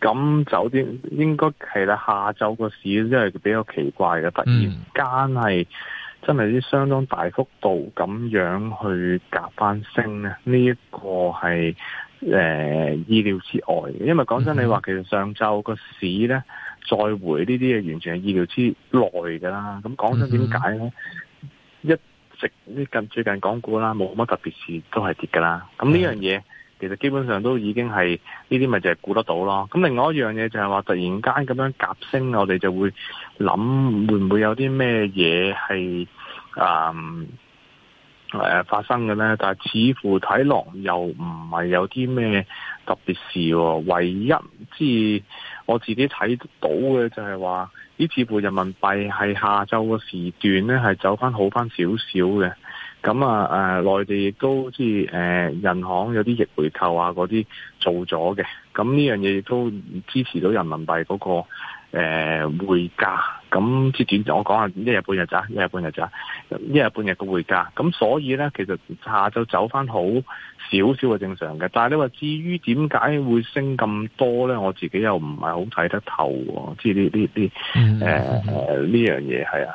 咁酒店應該係啦，下晝個市，因為比較奇怪嘅，突然間係真係啲相當大幅度咁樣去夾翻升咧，呢、這、一個係誒、呃、意料之外嘅。因為講真，你話其實上晝個市咧再回呢啲嘢，完全係意料之內噶啦。咁講真，點解咧？一直呢近最近港股啦，冇乜特別事都係跌噶啦。咁呢樣嘢。其實基本上都已經係呢啲，咪就係估得到咯。咁另外一樣嘢就係話，突然間咁樣夾升，我哋就會諗會唔會有啲咩嘢係啊誒發生嘅咧？但係似乎睇落又唔係有啲咩特別事喎。唯一之我自己睇到嘅就係話，呢似乎人民幣係下晝嘅時段咧，係走翻好翻少少嘅。咁啊，誒、呃，內地亦都即係誒，銀、呃、行有啲逆回購啊，嗰啲做咗嘅，咁呢樣嘢亦都支持到人民幣嗰、那個誒、呃、匯價。咁即係點，我講下一日半日咋，一日半日咋，一日半日嘅匯價。咁所以咧，其實下晝走翻好少少係正常嘅。但係你話至於點解會升咁多咧，我自己又唔係好睇得透。即係呢呢呢誒呢樣嘢係啊。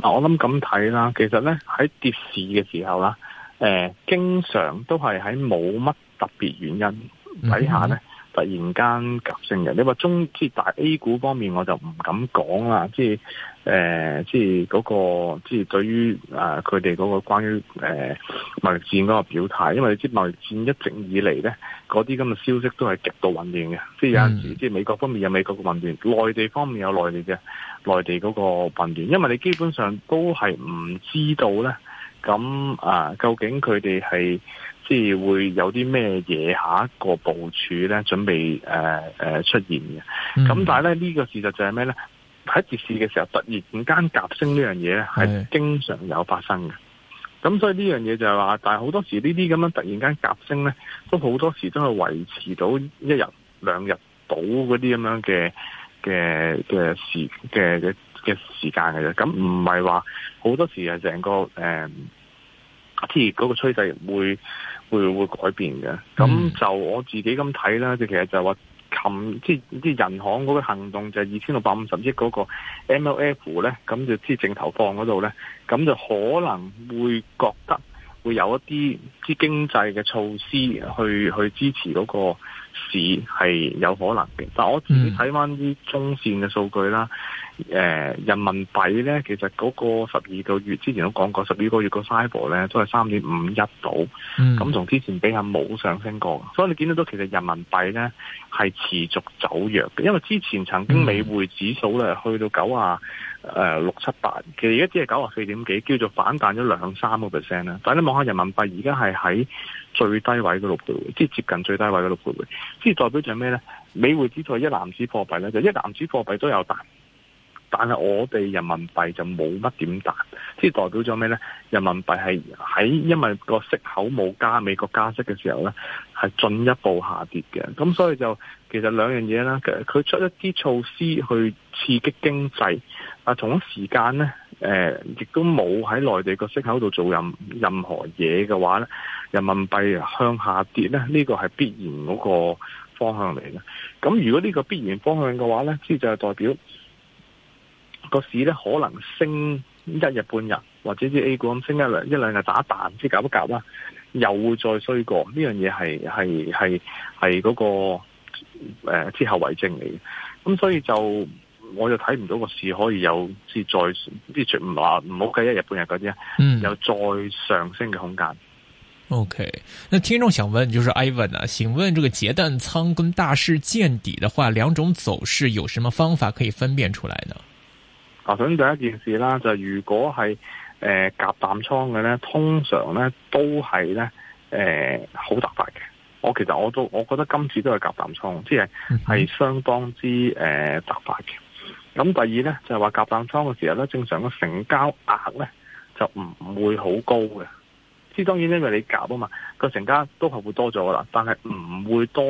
嗱，我諗咁睇啦，其實咧喺跌市嘅時候啦，誒經常都係喺冇乜特別原因底下咧。嗯突然間急升嘅，你話中即大 A 股方面，我就唔敢講啦。即係誒、呃，即係、那、嗰個，即係對於誒佢哋嗰個關於誒貿易戰嗰個表態，因為你知貿易戰一直以嚟咧，嗰啲咁嘅消息都係極度混亂嘅。嗯、即係有時即係美國方面有美國嘅混亂，內地方面有內地嘅內地嗰個混亂，因為你基本上都係唔知道咧，咁啊、呃，究竟佢哋係。即係會有啲咩嘢下一個部署咧，準備誒誒、呃呃、出現嘅。咁、嗯、但係咧呢個事實就係咩咧？喺跌市嘅時候，突然間夾升呢樣嘢咧，係經常有發生嘅。咁是所以呢樣嘢就係話，但係好多時呢啲咁樣突然間夾升咧，都好多時都係維持到一日兩日到嗰啲咁樣嘅嘅嘅時嘅嘅嘅時間嘅啫。咁唔係話好多時係成個誒，即、呃、嗰個趨勢會。會，會會改變嘅，咁、嗯、就我自己咁睇啦，即其實就話，琴，即係啲人行嗰個行動就係二千六百五十億嗰個 MLF 咧，咁就即正投放嗰度咧，咁就可能會覺得會有一啲即經濟嘅措施去去支持嗰、嗰個。市係有可能嘅，但係我自己睇翻啲中線嘅數據啦，誒、嗯呃，人民幣咧其實嗰個十二個月之前都講過，十二個月個 cable 咧都係三點五一度咁從之前比下冇上升過，所以你見到都其實人民幣咧係持續走弱嘅，因為之前曾經美匯指數咧去到九啊誒六七八，其實而家只係九啊四點幾，叫做反彈咗兩三個 percent 啦，但係你望下人民幣而家係喺。最低位嘅六倍，即係接近最低位嘅六倍，即係代表咗咩呢？美匯指數一籃子貨幣呢，就一籃子貨幣都有彈，但係我哋人民幣就冇乜點彈，即係代表咗咩呢？人民幣係喺因為個息口冇加，美國加息嘅時候呢，係進一步下跌嘅。咁所以就其實兩樣嘢啦，佢出一啲措施去刺激經濟，啊，同一時間呢，呃、亦都冇喺內地個息口度做任任何嘢嘅話呢。人民幣向下跌咧，呢、這個係必然嗰個方向嚟嘅。咁如果呢個必然方向嘅話咧，即係代表個市咧可能升一日半日，或者啲 A 股咁升一兩一兩日打彈，知夾不夾啦？又會再衰過呢樣嘢，係係係係嗰個誒、那個呃、之後遺症嚟嘅。咁所以就我就睇唔到個市可以有即再即係唔話唔好計一日半日嗰啲啊，嗯、有再上升嘅空間。OK，那聽眾想問就是 Ivan 啊，請問這個夾淡倉跟大市見底的話，兩種走勢有什麼方法可以分辨出來呢？啊，首先第一件事啦，就是、如果係誒夾淡倉嘅咧，通常咧都係咧誒好突發嘅。我其實我都我覺得今次都係夾淡倉，即係係相當之誒突發嘅。咁、呃、第二咧就係話夾淡倉嘅時候咧，正常嘅成交額咧就唔會好高嘅。呢當然因為你夾啊嘛，個成交都係會多咗啦，但係唔會多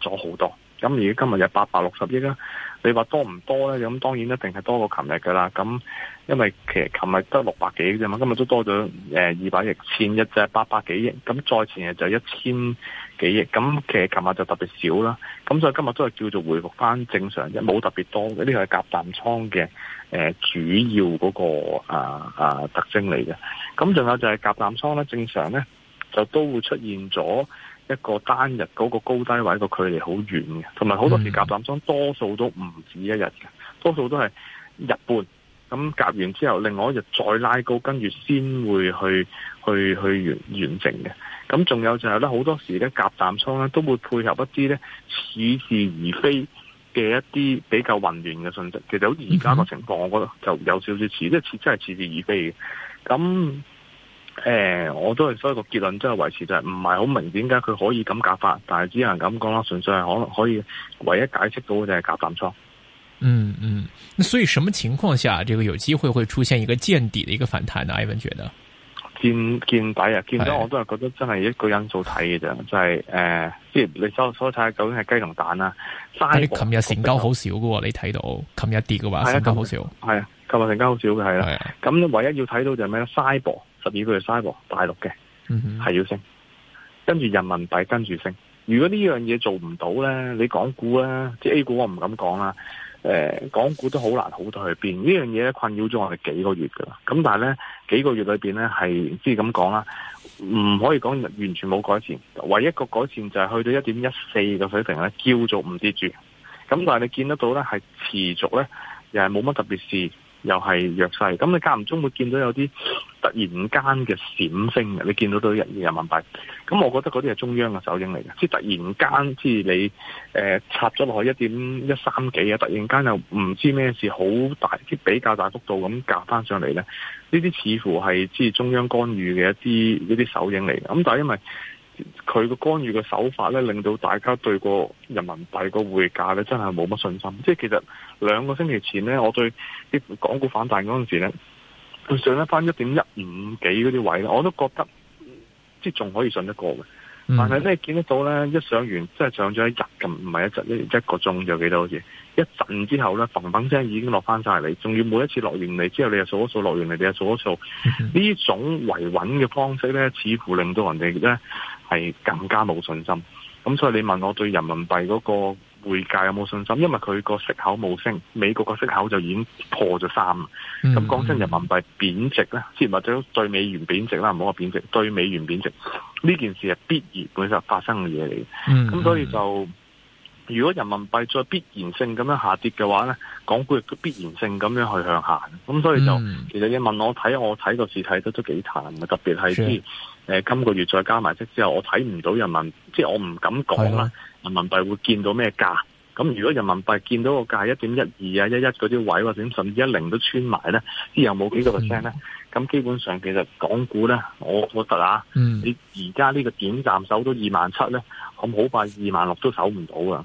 咗好多。咁而今日有八百六十億啦，你話多唔多咧？咁當然一定係多過琴日嘅啦。咁因為其實琴日得六百幾啫嘛，今日都多咗誒二百億千一隻八百幾億，咁再前日就一千幾億。咁其實琴日就特別少啦。咁所以今日都係叫做回復翻正常啫，冇特別多。呢個係夾淡倉嘅誒主要嗰，那個啊啊特徵嚟嘅。咁仲有就係夾淡倉咧，正常咧就都會出現咗一個單日嗰個高低位個距離好遠嘅，同埋好多時夾淡倉多數都唔止一日嘅，多數都係日半。咁、嗯、夾完之後，另外一日再拉高，跟住先會去去去完完成嘅。咁仲有就係咧，好多時咧夾淡倉咧都會配合一啲咧似是而非嘅一啲比較混亂嘅訊息。其實好似而家個情況，我覺得就有少少似，即係似真係似是而非嘅。咁誒，我都係，所以個結論，真係維持就係唔係好明點解佢可以咁搞法，但係只能咁講啦。純粹係可能可以唯一解釋到嘅就係夾淡倉。嗯嗯，所以什麼情況下，這個有機會會出現一個見底嘅一個反彈呢？Ivan 覺得見見底啊，見底我都係覺得真係一個因素睇嘅啫，就係、是、誒、即、呃、你所所睇究竟係雞同蛋啦、啊。但係琴日成交好少噶喎，你睇到琴日跌嘅話成交好少，係啊。今日成交好少嘅，係啦。咁你唯一要睇到就係咩咧？Shibor 十二個月 Shibor 大陸嘅係要升，跟住人民幣跟住升。如果呢樣嘢做唔到咧，你港股咧即係 A 股我，我唔敢講啦。誒，港股都好難好到去邊呢樣嘢咧，困擾咗我哋幾個月㗎啦。咁但係咧幾個月裏面咧係即係咁講啦，唔可以講完全冇改善，唯一,一個改善就係去到一點一四嘅水平咧，叫做唔跌住。咁但係你見得到咧，係持續咧，又係冇乜特別事。又係弱勢，咁你間唔中會見到有啲突然間嘅閃升，嘅，你見到都日元人民幣，咁我覺得嗰啲係中央嘅手影嚟嘅，即係突然間，即係你、呃、插咗落去一點一三幾啊，突然間又唔知咩事，好大啲比較大幅度咁夾翻上嚟咧，呢啲似乎係即係中央干預嘅一啲一啲手影嚟嘅，咁但係因為。佢個干預嘅手法咧，令到大家對個人民幣個匯價咧，真係冇乜信心。即係其實兩個星期前咧，我對啲港股反彈嗰陣時咧，佢上得翻一點一五幾嗰啲位咧，我都覺得即係仲可以上得過嘅。嗯、但係真係見得到咧，一上完即係上咗一日咁，唔係一日，一個一個鐘，就幾多好似一陣之後咧，嘭嘭聲已經落翻晒嚟，仲要每一次落完嚟之後你就掃一掃，你又數一數落完嚟，你又數一數，呢種維穩嘅方式咧，似乎令到人哋咧係更加冇信心。咁所以你問我對人民幣嗰、嗰個匯價有冇信心？因為佢個息口冇升，美國個息口就已經破咗三。咁講真，嗯嗯嗯人民幣貶值咧，即係話將對美元貶值啦，唔好話貶值，對美元貶值呢件事係必然本身發生嘅嘢嚟。咁、嗯嗯、所以就如果人民幣再必然性咁樣下跌嘅話咧，港股亦都必然性咁樣去向下。咁所以就、嗯、其實你問我睇，我睇個市睇得都幾淡，特別係啲。誒、呃，今個月再加埋息之後，我睇唔到人民，即係我唔敢講啦。的人民幣會見到咩價？咁如果人民幣見到個價係一點一二啊，一一嗰啲位，或者甚至一零都穿埋咧，之後冇幾個 percent 咧。咁、嗯、基本上其實港股咧，我我覺得啊，嗯、你而家呢個點站守到二萬七咧，咁好快二萬六都守唔到啊！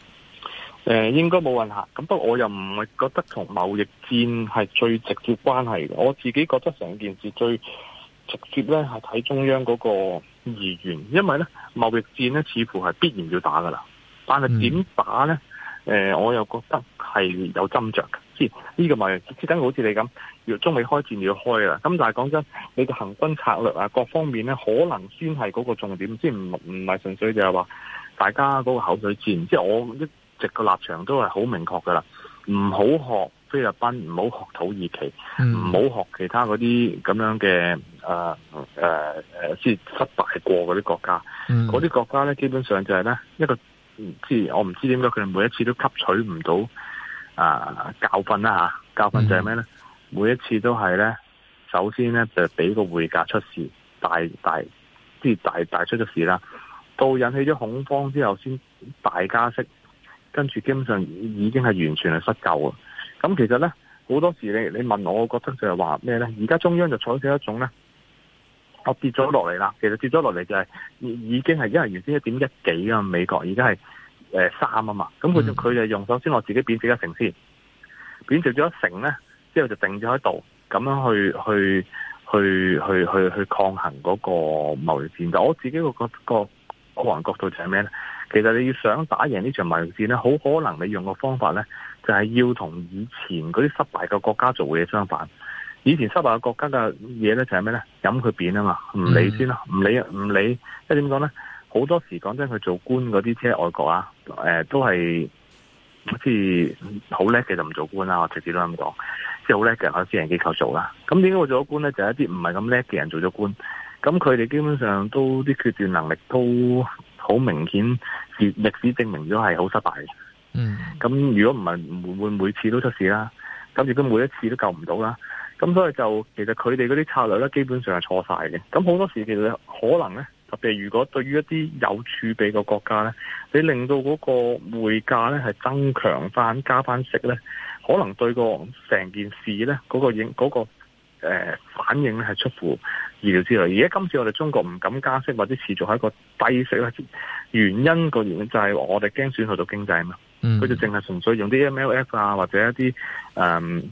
誒，應該冇問題。咁不過我又唔係覺得同貿易戰係最直接關係嘅。我自己覺得成件事最直接咧係睇中央嗰個議員，因為咧貿易戰咧似乎係必然要打噶啦。但係點打咧？誒，我又覺得係有斟酌嘅。即係呢個貿易戰，即係等於好似你咁，要中美開戰要開啦。咁但係講真的，你嘅行軍策略啊，各方面咧，可能先係嗰個重點，即唔唔係純粹就係話大家嗰個口水戰。即係我直個立場都係好明確噶啦，唔好學菲律賓，唔好學土耳其，唔好、嗯、學其他嗰啲咁樣嘅誒誒誒，即、呃呃、失敗過嗰啲國家。嗰啲、嗯、國家咧，基本上就係咧一個，即係我唔知點解佢哋每一次都吸取唔到啊教訓啦嚇，教訓就係咩咧？嗯、每一次都係咧，首先咧就俾個匯價出事，大大即係大大，大出咗事啦，到引起咗恐慌之後，先大加息。跟住基本上已經係完全係失救啊！咁其實咧好多時你你問我，我覺得就係話咩咧？而家中央就採取一種咧，我跌咗落嚟啦。其實跌咗落嚟就係、是、已經係因為原先一點一幾啊，美國而家係誒三啊嘛。咁佢就佢就用首先我自己貶值,貶值一成先，貶值咗一成咧，之後就定咗喺度，咁樣去去去去去去,去抗衡嗰個貿易戰。就我自己個個個。個我個角度就係咩咧？其實你要想打贏呢場貿易戰咧，好可能你用嘅方法咧，就係要同以前嗰啲失敗嘅國家做嘢相反。以前失敗嘅國家嘅嘢咧就係咩咧？飲佢扁啊嘛，唔理先啦，唔理唔理。即係點講咧？好多時講真，佢做官嗰啲即係外國啊、呃，都係好似好叻嘅就唔做官啦。我直接都咁講，即係好叻嘅人喺私人機構做啦。咁點解會做咗官咧？就係、是、一啲唔係咁叻嘅人做咗官。咁佢哋基本上都啲決斷能力都好明顯，歷史證明咗係好失敗嘅。嗯，咁如果唔係唔會每次都出事啦。咁亦都每一次都救唔到啦。咁所以就其實佢哋嗰啲策略咧，基本上係錯晒嘅。咁好多時其實可能咧，特別如果對於一啲有儲備嘅國家咧，你令到嗰個匯價咧係增強翻加翻息咧，可能對個成件事咧嗰、嗰個影、嗰個呃、反應咧係出乎。醫療之類，而家今次我哋中國唔敢加息或者持續喺一個低息，原因個原因就係、是、我哋驚損去到經濟嘛。佢、嗯、就淨係純粹用啲 MLF 啊，或者一啲誒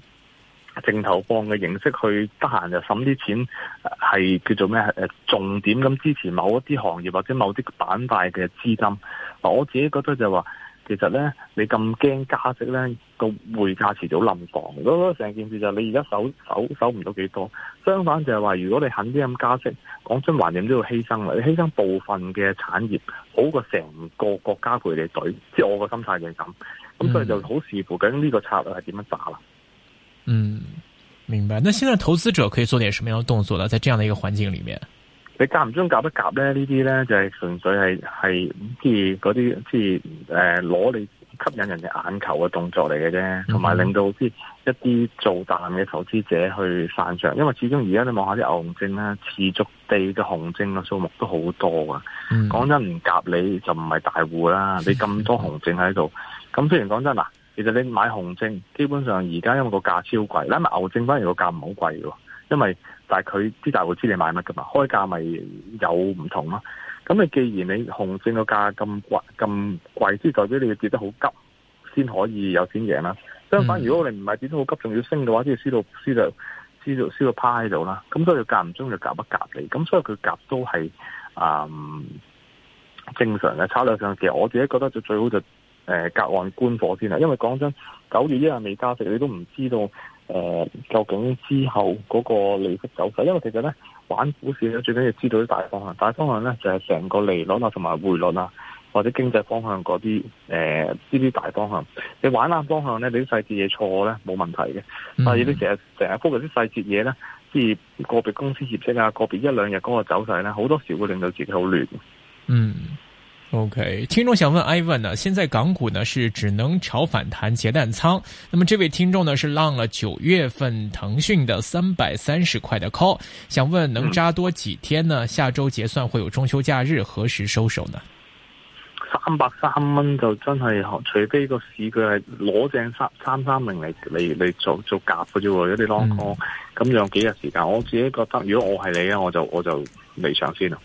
正投放嘅形式去得閒就揾啲錢，係叫做咩？重點咁支持某一啲行業或者某啲板塊嘅資金。我自己覺得就話。其實咧，你咁驚加息咧，個匯價遲早冧房。如果成件事就係你而家守守守唔到幾多，相反就係話如果你肯啲咁加息，講真，環掂都要犧牲啊！你犧牲部分嘅產業，好過成個國家陪你隊。即係我個心態就係咁，咁所以就好視乎究竟呢個策略係點樣打啦。嗯，明白。那現在投資者可以做點什麼樣的動作呢？在這樣的一個環境裏面？你間唔中夾一夾咧？呢啲咧就係、是、純粹係係即係嗰啲即係誒攞你吸引人嘅眼球嘅動作嚟嘅啫，同埋令到即一啲做淡嘅投資者去散場，因為始終而家你望下啲牛熊證啦，持續地嘅紅證嘅數目都好多㗎、啊。講、mm hmm. 真唔夾你就唔係大戶啦，你咁多紅證喺度，咁、mm hmm. 雖然講真嗱，其實你買紅證基本上而家因為個價超貴，拉埋牛證反而個價唔好貴喎，因為。因為但係佢啲大戶知你買乜噶嘛？開價咪有唔同咯。咁你既然你紅證個價咁貴咁貴，之代表你要跌得好急先可以有錢贏啦。相反，嗯、如果你唔係跌得好急，仲要升嘅話，都要輸到輸到輸到輸到，到趴喺度啦。咁所以間唔中就夾一夾你。咁所以佢夾都係啊、嗯、正常嘅策略上，其實我自己覺得就最好就誒隔岸觀火先啦。因為講真，九月一日未加值，你都唔知道。誒，究竟之後嗰個利息走勢，因為其實咧，玩股市咧，最緊要知道啲大方向，大方向咧就係成個利率啊、同埋匯率啊或者經濟方向嗰啲，誒呢啲大方向。你玩下方向咧，你啲細節嘢錯咧冇問題嘅，嗯、但係你成日成日 focus 啲細節嘢咧，即係個別公司業績啊、個別一兩日嗰個走勢咧，好多時會令到自己好亂。嗯。OK，聽眾想問 Ivan 呢？現在港股呢是只能炒反彈夾淡倉，那麼這位聽眾呢是浪了九月份騰訊的三百三十塊的 call，想問能揸多幾天呢？下周結算會有中秋假日，何時收手呢？三百三蚊就真係，除非個市佢係攞正三三三零嚟嚟嚟做做夾嘅啫，如果你 long call，咁有幾日時間，我自己覺得如果我係你咧，我就我就離場先啦。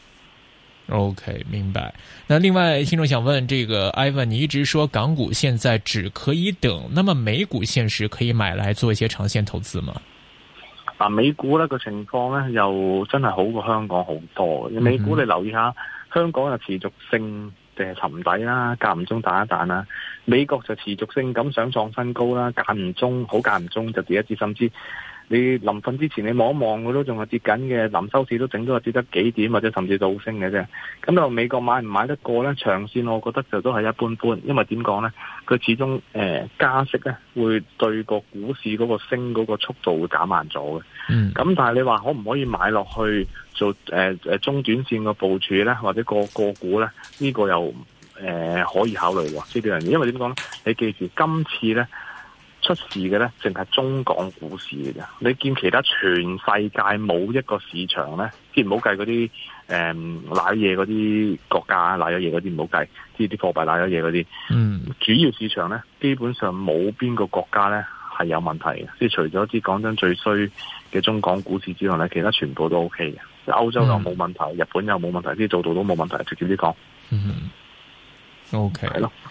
O.K. 明白。那另外聽眾想問，這個 Ivan，你一直說港股現在只可以等，那麼美股現時可以買來做一些長線投資嗎、啊？美股呢個情況呢，又真係好過香港好多。美股、嗯、你留意下，香港就持續性，定係沉底啦，間唔中彈一彈啦。美國就持續性咁想創新高啦，間唔中好間唔中就跌一跌，甚至。你臨瞓之前你望一望，佢都仲係跌緊嘅。臨收市都整咗係跌得幾點，或者甚至倒升嘅啫。咁美國買唔買得過咧？長線我覺得就都係一般般，因為點講咧？佢始終誒、呃、加息咧，會對個股市嗰個升嗰個速度會減慢咗嘅。嗯。咁但係你話可唔可以買落去做誒、呃、中短線嘅部署咧，或者個個股咧？呢、呢個又誒、呃、可以考慮喎，呢樣嘢。因為點講咧？你記住今次咧。出事嘅呢，淨係中港股市嘅啫。你見其他全世界冇一個市場呢，即係唔好計嗰啲誒瀨嘢嗰啲國家啊，瀨咗嘢嗰啲唔好計，即係啲貨幣瀨咗嘢嗰啲。嗯、主要市場呢，基本上冇邊個國家呢係有問題嘅。即係除咗啲講真最衰嘅中港股市之外呢，其他全部都 O K 嘅。歐洲又冇問題，嗯、日本又冇問題，啲度度都冇問題，直接啲講。嗯 O K，係咯。Okay.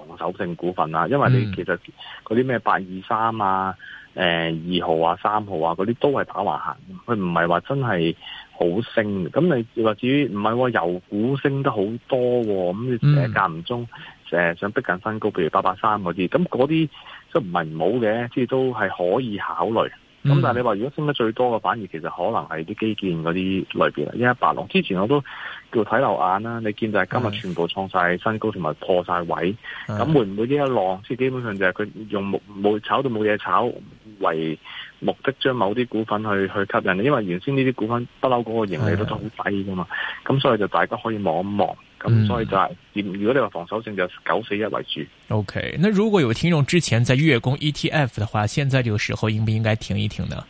防守性股份啊，因為你其實嗰啲咩八二三啊、誒、呃、二號啊、三號啊嗰啲都係打橫行，佢唔係話真係好升，咁你或至於唔係話油股升得好多，啊，咁你誒間唔中成日想逼緊新高，譬如八八三嗰啲，咁嗰啲都唔係唔好嘅，即係都係可以考慮。咁、嗯、但係你話，如果升得最多嘅反而其實可能係啲基建嗰啲類別啦，因為白浪之前我都叫睇流眼啦，你見就係今日全部創晒新高同埋是的 破晒位，咁是的 會唔會呢一浪？即係基本上就係佢用冇炒到冇嘢炒為目的，將某啲股份去去吸引，因為原先呢啲股份不嬲嗰個盈利都仲好低噶嘛，咁是的 所以就大家可以望一望。咁所以就係、是，嗯、如果你話防守性就九四一為主。O、okay, K，那如果有聽眾之前在月供 E T F 嘅話，現在這個時候應不應該停一停呢？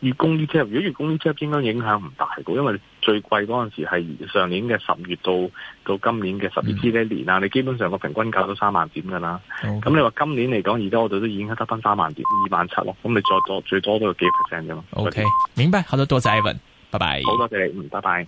月供 E T F，如果月供 E T F 應該影響唔大嘅，因為最貴嗰陣時係上年嘅十月到到今年嘅十二月呢一年啊，嗯、你基本上個平均價都三萬點噶啦。咁 Okay. 你話今年嚟講，而家我哋都已經得翻三萬點二萬七咯，咁你再多最多都有幾 percent 啫嘛。O、okay, K，明白，好多多謝 Evan，拜拜。好多謝你，嗯，拜拜。